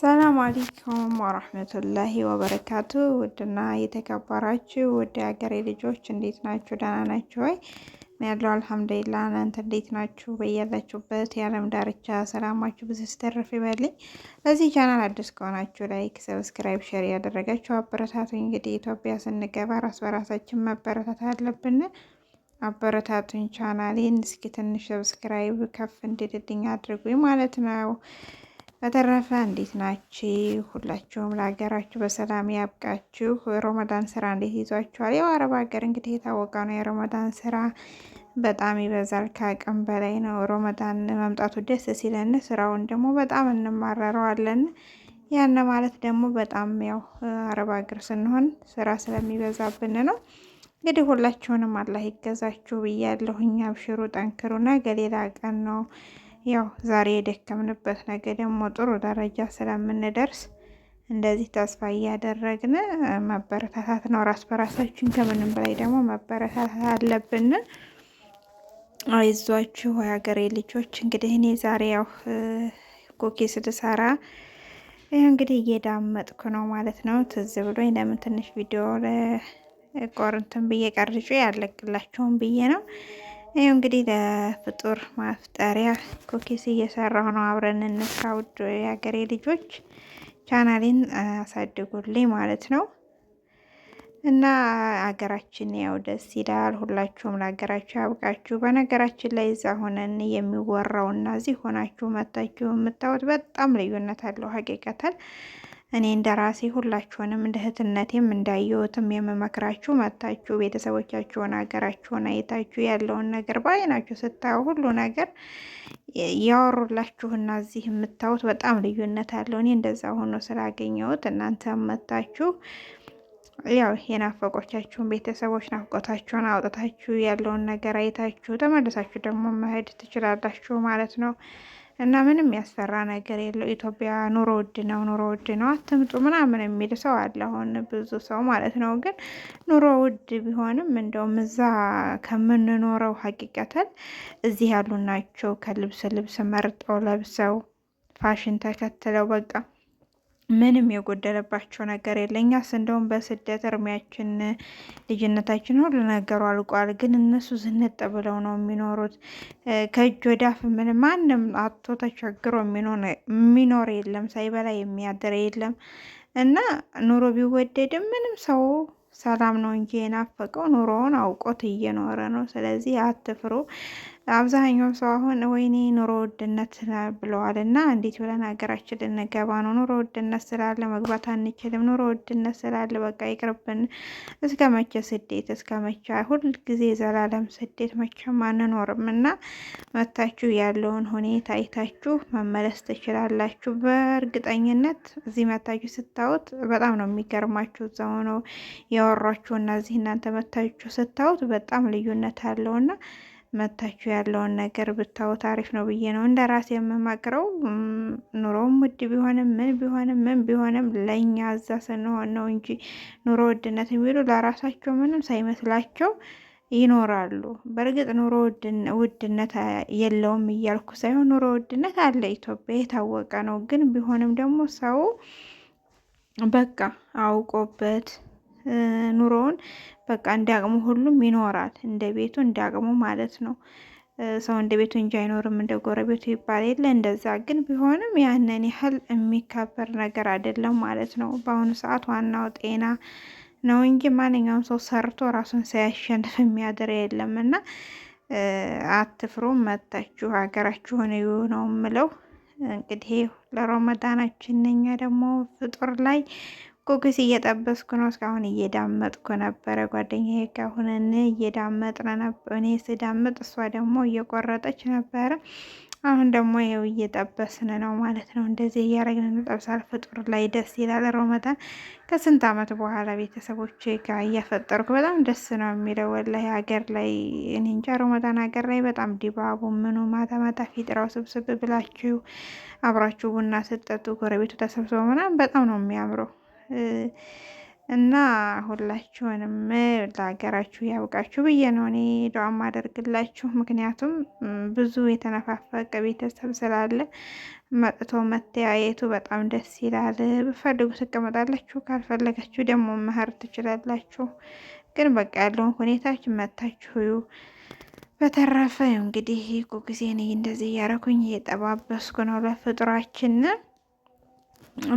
ሰላም አለይኩም ወራህመቱላሂ ወበረካቱ። ውድና የተከበራችሁ ውድ ሀገሬ ልጆች እንዴት ናችሁ? ደህና ናችሁ ወይ? ያለው አልሐምዱሊላ። እናንተ እንዴት ናችሁ? በያላችሁበት የዓለም ዳርቻ ሰላማችሁ ብዙ ስተርፍ ይበልኝ። ለዚህ ቻናል አዲስ ከሆናችሁ ላይክ፣ ሰብስክራይብ፣ ሼር ያደረጋችሁ አበረታቱኝ። እንግዲህ ኢትዮጵያ ስንገባ ራስ በራሳችን መበረታት አለብን። አበረታቱኝ። ቻናሌን እስኪ ትንሽ ሰብስክራይብ ከፍ እንድድልኝ አድርጉኝ ማለት ነው። በተረፈ እንዴት ናችሁ? ሁላችሁም ለሀገራችሁ በሰላም ያብቃችሁ። ረመዳን ስራ እንዴት ይዟችኋል? ያው አረብ ሀገር እንግዲህ የታወቀ ነው የረመዳን ስራ በጣም ይበዛል፣ ከአቅም በላይ ነው። ረመዳን መምጣቱ ደስ ሲለን ስራውን ደግሞ በጣም እንማረረዋለን። ያነ ማለት ደግሞ በጣም ያው አረብ ሀገር ስንሆን ስራ ስለሚበዛብን ነው። እንግዲህ ሁላችሁንም አላህ ይገዛችሁ ብያለሁኝ። አብሽሩ፣ ነገ ሌላ ቀን ነው ያው ዛሬ የደከምንበት ነገ ደግሞ ጥሩ ደረጃ ስለምንደርስ እንደዚህ ተስፋ እያደረግን መበረታታት ነው። ራስ በራሳችን ከምንም በላይ ደግሞ መበረታታት አለብን። አይዟችሁ የሀገሬ ልጆች። እንግዲህ እኔ ዛሬ ያው ኩኪስ ልሰራ ይህ እንግዲህ እየዳመጥኩ ነው ማለት ነው። ትዝ ብሎኝ ለምን ትንሽ ቪዲዮ ለቆርንትን ብዬ ቀርጬ ያለግላቸውን ብዬ ነው ይኸው እንግዲህ ለፍጡር ማፍጠሪያ ኩኪስ እየሰራሁ ነው። አብረን እንስራ። ውድ የሀገሬ ልጆች ቻናሌን አሳድጉልኝ ማለት ነው እና አገራችን ያው ደስ ይላል። ሁላችሁም ለሀገራችሁ ያብቃችሁ። በነገራችን ላይ እዛ ሆነን የሚወራውና እዚህ ሆናችሁ መታችሁ የምታዩት በጣም ልዩነት አለው ሀቂቀተን እኔ እንደ ራሴ ሁላችሁንም እንደ እህትነቴም እንዳየሁትም የምመክራችሁ መታችሁ ቤተሰቦቻችሁን ሀገራችሁን አይታችሁ ያለውን ነገር በአይናችሁ ስታዩ ሁሉ ነገር ያወሩላችሁና እዚህ የምታዩት በጣም ልዩነት አለው። እኔ እንደዛ ሆኖ ስላገኘሁት እናንተ መታችሁ ያው የናፈቆቻችሁን ቤተሰቦች ናፍቆታችሁን አውጥታችሁ ያለውን ነገር አይታችሁ ተመልሳችሁ ደግሞ መሄድ ትችላላችሁ ማለት ነው። እና ምንም ያስፈራ ነገር የለው። ኢትዮጵያ ኑሮ ውድ ነው፣ ኑሮ ውድ ነው አትምጡ ምናምን የሚል ሰው አለ፣ አሁን ብዙ ሰው ማለት ነው። ግን ኑሮ ውድ ቢሆንም እንደውም እዛ ከምንኖረው ሀቂቀተን እዚህ ያሉ ናቸው ከልብስ ልብስ መርጠው ለብሰው ፋሽን ተከትለው በቃ ምንም የጎደለባቸው ነገር የለ እኛስ እንደውም በስደት እድሜያችን ልጅነታችን ሁሉ ነገሩ አልቋል። ግን እነሱ ዝንጥ ብለው ነው የሚኖሩት። ከእጅ ወዳፍ ምን ማንም አቶ ተቸግሮ የሚኖር የለም፣ ሳይበላ የሚያድር የለም። እና ኑሮ ቢወደድም ምንም ሰው ሰላም ነው እንጂ የናፈቀው ኑሮውን አውቆት እየኖረ ነው። ስለዚህ አትፍሩ። አብዛኛው ሰው አሁን ወይኔ ኑሮ ውድነት ብለዋል እና እንዴት ብለን ሀገራችን ልንገባ ነው? ኑሮ ውድነት ስላለ መግባት አንችልም። ኑሮ ውድነት ስላለ በቃ ይቅርብን። እስከ መቼ ስደት? እስከ መቼ? ሁል ጊዜ ዘላለም ስደት መቼም አንኖርም እና መታችሁ ያለውን ሁኔታ አይታችሁ መመለስ ትችላላችሁ። በእርግጠኝነት እዚህ መታችሁ ስታዩት በጣም ነው የሚገርማችሁ። እዛው ነው ያወሯችሁ እና እዚህ እናንተ መታችሁ ስታዩት በጣም ልዩነት አለውና መታችሁ ያለውን ነገር ብታዩት አሪፍ ነው ብዬ ነው እንደ ራሴ የምመክረው። ኑሮውም ውድ ቢሆንም ምን ቢሆንም ምን ቢሆንም ለእኛ እዛ ስንሆን ነው እንጂ ኑሮ ውድነት የሚሉ ለራሳቸው ምንም ሳይመስላቸው ይኖራሉ። በእርግጥ ኑሮ ውድነት የለውም እያልኩ ሳይሆን ኑሮ ውድነት አለ፣ ኢትዮጵያ የታወቀ ነው። ግን ቢሆንም ደግሞ ሰው በቃ አውቆበት ኑሮውን በቃ እንደ አቅሙ ሁሉም ይኖራል። እንደ ቤቱ እንደ አቅሙ ማለት ነው። ሰው እንደ ቤቱ እንጂ አይኖርም እንደ ጎረቤቱ ይባል የለ እንደዛ። ግን ቢሆንም ያንን ያህል የሚከበር ነገር አይደለም ማለት ነው። በአሁኑ ሰዓት ዋናው ጤና ነው እንጂ ማንኛውም ሰው ሰርቶ ራሱን ሳያሸንፍ የሚያድር የለም እና አትፍሩ። መጥታችሁ ሀገራችሁን እዩ ነው የምለው። እንግዲህ ለረመዳናችን እኛ ደግሞ ፍጡር ላይ ኩኪስ እየጠበስኩ ነው። እስካሁን እየዳመጥኩ ነበረ። ጓደኛዬ ካሁንን እየዳመጥን ነበር። እኔ ስዳምጥ እሷ ደግሞ እየቆረጠች ነበረ። አሁን ደግሞ ይኸው እየጠበስን ነው ማለት ነው። እንደዚህ እያደረግን እንጠብሳል። ፍጡር ላይ ደስ ይላል። ሮመዳን ከስንት ዓመት በኋላ ቤተሰቦች ጋር እያፈጠርኩ በጣም ደስ ነው የሚለው ወላሂ። ሀገር ላይ እኔ እንጃ፣ ሮመዳን ሀገር ላይ በጣም ዲባቡ ምኑ ማታ ማታ ፊጥራው ስብስብ ብላችሁ አብራችሁ ቡና ስጠጡ ጎረቤቱ ተሰብስበው ምናምን በጣም ነው የሚያምረው። እና ሁላችሁንም ለሀገራችሁ ያብቃችሁ ብዬ ነው እኔ ዱዓ ማደርግላችሁ። ምክንያቱም ብዙ የተነፋፈቀ ቤተሰብ ስላለ መጥቶ መተያየቱ በጣም ደስ ይላል። ብፈልጉ ትቀመጣላችሁ፣ ካልፈለጋችሁ ደግሞ መሄድ ትችላላችሁ። ግን በቃ ያለውን ሁኔታችን መታችሁ በተረፈ እንግዲህ ቁ ጊዜ እኔ እንደዚህ እያረኩኝ እየጠባበስኩ ነው ለፍጡራችን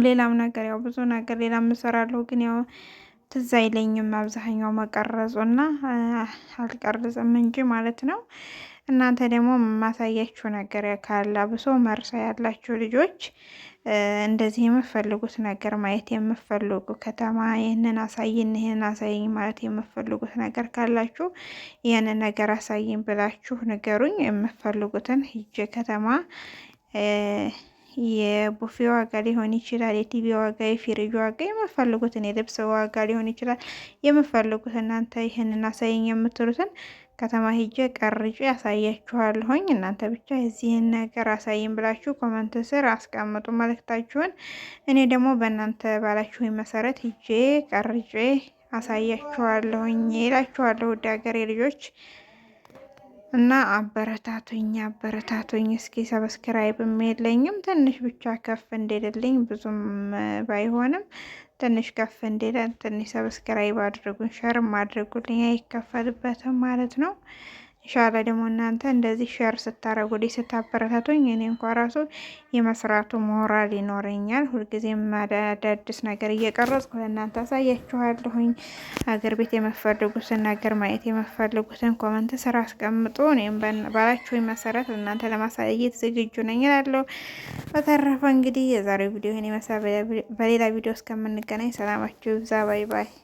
ሌላም ነገር ያው ብዙ ነገር ሌላም እሰራለሁ ግን ያው ትዝ አይለኝም አብዛኛው መቀረጹ እና አልቀርጽም እንጂ ማለት ነው። እናንተ ደግሞ የማሳያችሁ ነገር ካለ ብሶ መርሳ ያላችሁ ልጆች እንደዚህ የምፈልጉት ነገር ማየት የምፈልጉ ከተማ ይህንን አሳይን ይህንን አሳይኝ ማለት የምፈልጉት ነገር ካላችሁ ይህንን ነገር አሳይኝ ብላችሁ ንገሩኝ። የምፈልጉትን ሂጄ ከተማ የቡፌ ዋጋ ሊሆን ይችላል፣ የቲቪ ዋጋ፣ የፊሪጅ ዋጋ፣ የምፈልጉትን የልብስ ዋጋ ሊሆን ይችላል። የምፈልጉት እናንተ ይህንን አሳየኝ የምትሉትን ከተማ ሂጄ ቀርጬ ያሳያችኋለሁኝ። እናንተ ብቻ የዚህን ነገር አሳይም ብላችሁ ኮመንት ስር አስቀምጡ መልእክታችሁን። እኔ ደግሞ በእናንተ ባላችሁ መሰረት ሄጄ ቀርጬ አሳያችኋለሁኝ ይላችኋለሁ። ውድ ሀገሬ ልጆች እና አበረታቱኝ አበረታቱኝ። እስኪ ሰብስክራይብም የለኝም ትንሽ ብቻ ከፍ እንደሌለኝ ብዙም ባይሆንም ትንሽ ከፍ እንደሌለ ትንሽ ሰብስክራይብ አድርጉኝ፣ ሸርም አድርጉልኝ። አይከፈልበትም ማለት ነው። ሻለ ደግሞ እናንተ እንደዚህ ሸር ስታረጉ ዲ ስታበረታቱኝ እኔ እንኳ ራሱ የመስራቱ ሞራል ይኖረኛል። ሁልጊዜ አዳዲስ ነገር እየቀረጽኩ ለእናንተ አሳያችኋለሁኝ። አገር ቤት የምፈልጉትን ነገር ማየት የምፈልጉትን ኮመንት ስራ አስቀምጡ። እኔም ባላችሁኝ መሰረት እናንተ ለማሳየት ዝግጁ ነኝ እላለሁ። በተረፈ እንግዲህ የዛሬው ቪዲዮ ይህን ይመስላል። በሌላ ቪዲዮ እስከምንገናኝ ሰላማችሁ ይብዛ። ባይ ባይ።